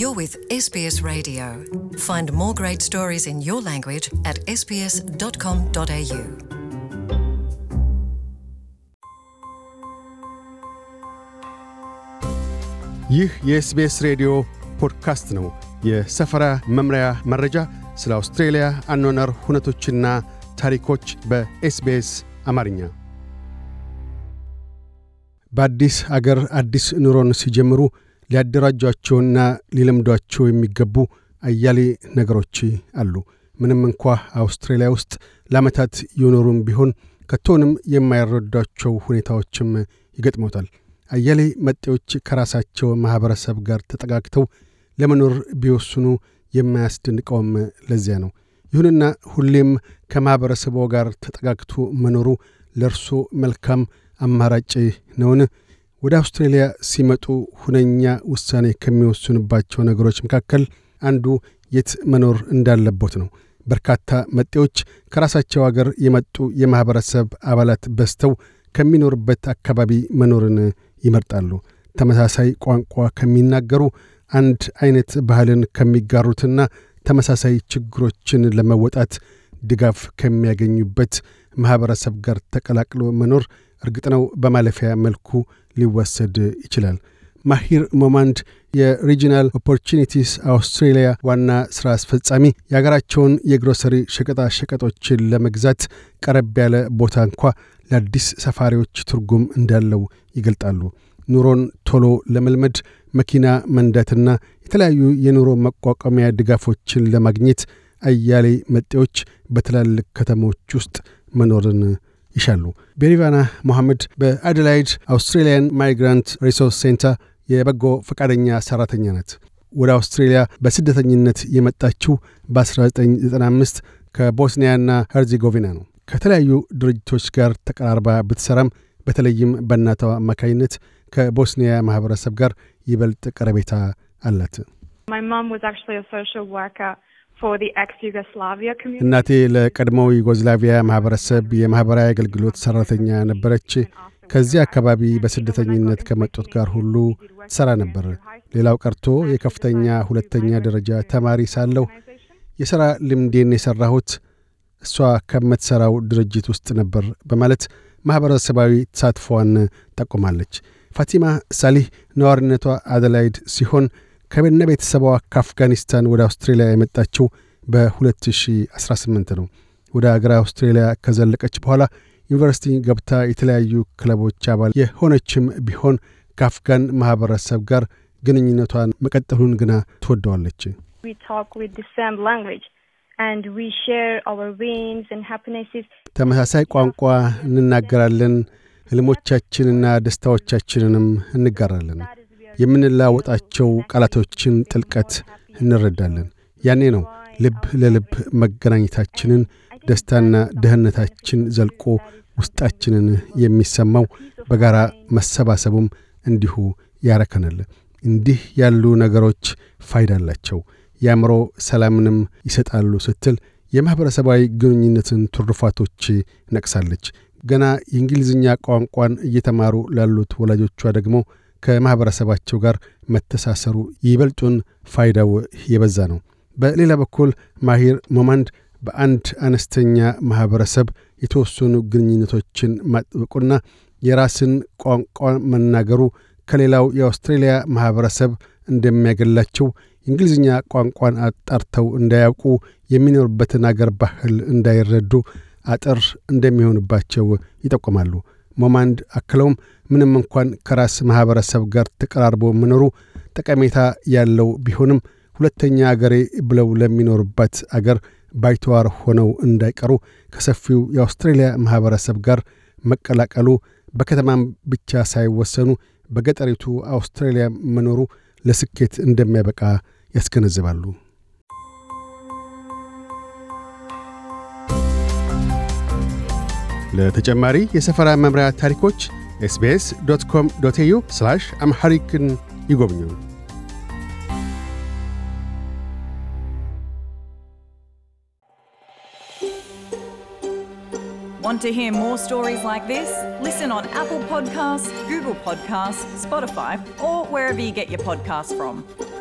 You're with SBS Radio. Find more great stories in your language at sbs.com.au. ይህ የኤስቤስ ሬዲዮ ፖድካስት ነው። የሰፈራ መምሪያ መረጃ፣ ስለ አውስትሬልያ አኗነር ሁነቶችና ታሪኮች በኤስቤስ አማርኛ በአዲስ አገር አዲስ ኑሮን ሲጀምሩ ሊያደራጇቸውና ሊለምዷቸው የሚገቡ አያሌ ነገሮች አሉ። ምንም እንኳ አውስትራሊያ ውስጥ ለዓመታት የኖሩም ቢሆን ከቶንም የማይረዷቸው ሁኔታዎችም ይገጥሞታል። አያሌ መጤዎች ከራሳቸው ማኅበረሰብ ጋር ተጠጋግተው ለመኖር ቢወስኑ የማያስደንቀውም ለዚያ ነው። ይሁንና ሁሌም ከማኅበረሰቦ ጋር ተጠጋግቶ መኖሩ ለእርሶ መልካም አማራጭ ነውን? ወደ አውስትሬልያ ሲመጡ ሁነኛ ውሳኔ ከሚወስኑባቸው ነገሮች መካከል አንዱ የት መኖር እንዳለቦት ነው። በርካታ መጤዎች ከራሳቸው አገር የመጡ የማኅበረሰብ አባላት በዝተው ከሚኖርበት አካባቢ መኖርን ይመርጣሉ። ተመሳሳይ ቋንቋ ከሚናገሩ፣ አንድ አይነት ባህልን ከሚጋሩትና ተመሳሳይ ችግሮችን ለመወጣት ድጋፍ ከሚያገኙበት ማኅበረሰብ ጋር ተቀላቅሎ መኖር እርግጥ ነው በማለፊያ መልኩ ሊወሰድ ይችላል። ማሂር ሞማንድ የሪጂናል ኦፖርቹኒቲስ አውስትሬሊያ ዋና ሥራ አስፈጻሚ፣ የአገራቸውን የግሮሰሪ ሸቀጣ ሸቀጦችን ለመግዛት ቀረብ ያለ ቦታ እንኳ ለአዲስ ሰፋሪዎች ትርጉም እንዳለው ይገልጣሉ። ኑሮን ቶሎ ለመልመድ መኪና መንዳትና የተለያዩ የኑሮ መቋቋሚያ ድጋፎችን ለማግኘት አያሌ መጤዎች በትላልቅ ከተሞች ውስጥ መኖርን ይሻሉ። ቤሪቫና ሞሐመድ በአደላይድ አውስትሬሊያን ማይግራንት ሪሶርስ ሴንተር የበጎ ፈቃደኛ ሠራተኛ ናት። ወደ አውስትሬልያ በስደተኝነት የመጣችው በ1995 ከቦስኒያና ሄርዜጎቪና ነው። ከተለያዩ ድርጅቶች ጋር ተቀራርባ ብትሰራም በተለይም በእናቷ አማካኝነት ከቦስኒያ ማህበረሰብ ጋር ይበልጥ ቀረቤታ አላት። እናቴ ለቀድሞው ዩጎዝላቪያ ማኅበረሰብ የማኅበራዊ አገልግሎት ሠራተኛ ነበረች። ከዚህ አካባቢ በስደተኝነት ከመጡት ጋር ሁሉ ትሠራ ነበር። ሌላው ቀርቶ የከፍተኛ ሁለተኛ ደረጃ ተማሪ ሳለሁ የሥራ ልምዴን የሠራሁት እሷ ከምትሠራው ድርጅት ውስጥ ነበር በማለት ማኅበረሰባዊ ተሳትፏን ጠቁማለች። ፋቲማ ሳሊህ ነዋሪነቷ አደላይድ ሲሆን ከበነ ቤተሰቧ ከአፍጋኒስታን ወደ አውስትሬልያ የመጣችው በ2018 ነው። ወደ አገር አውስትሬልያ ከዘለቀች በኋላ ዩኒቨርሲቲ ገብታ የተለያዩ ክለቦች አባል የሆነችም ቢሆን ከአፍጋን ማህበረሰብ ጋር ግንኙነቷን መቀጠሉን ግና ትወደዋለች። ተመሳሳይ ቋንቋ እንናገራለን። ህልሞቻችንና ደስታዎቻችንንም እንጋራለን። የምንለዋወጣቸው ቃላቶችን ጥልቀት እንረዳለን። ያኔ ነው ልብ ለልብ መገናኘታችንን ደስታና ደህንነታችን ዘልቆ ውስጣችንን የሚሰማው በጋራ መሰባሰቡም እንዲሁ ያረከናል። እንዲህ ያሉ ነገሮች ፋይዳ አላቸው፣ የአእምሮ ሰላምንም ይሰጣሉ ስትል የማኅበረሰባዊ ግንኙነትን ትሩፋቶች ነቅሳለች። ገና የእንግሊዝኛ ቋንቋን እየተማሩ ላሉት ወላጆቿ ደግሞ ከማኅበረሰባቸው ጋር መተሳሰሩ ይበልጡን ፋይዳው የበዛ ነው። በሌላ በኩል ማሂር ሞማንድ በአንድ አነስተኛ ማኅበረሰብ የተወሰኑ ግንኙነቶችን ማጥበቁና የራስን ቋንቋ መናገሩ ከሌላው የአውስትሬልያ ማኅበረሰብ እንደሚያገላቸው የእንግሊዝኛ ቋንቋን አጣርተው እንዳያውቁ የሚኖርበትን አገር ባህል እንዳይረዱ አጥር እንደሚሆንባቸው ይጠቁማሉ። ሞማንድ አክለውም ምንም እንኳን ከራስ ማኅበረሰብ ጋር ተቀራርቦ መኖሩ ጠቀሜታ ያለው ቢሆንም ሁለተኛ አገሬ ብለው ለሚኖርባት አገር ባይተዋር ሆነው እንዳይቀሩ ከሰፊው የአውስትሬልያ ማኅበረሰብ ጋር መቀላቀሉ በከተማም ብቻ ሳይወሰኑ በገጠሪቱ አውስትራሊያ መኖሩ ለስኬት እንደሚያበቃ ያስገነዝባሉ። ለተጨማሪ የሰፈራ መምሪያ ታሪኮች ኤስቤስ ዶት ኮም ዶት ኤዩ አምሐሪክን ይጎብኙ። Want to hear more stories like this? Listen on Apple Podcasts, Google Podcasts, Spotify, or wherever you get your podcasts from.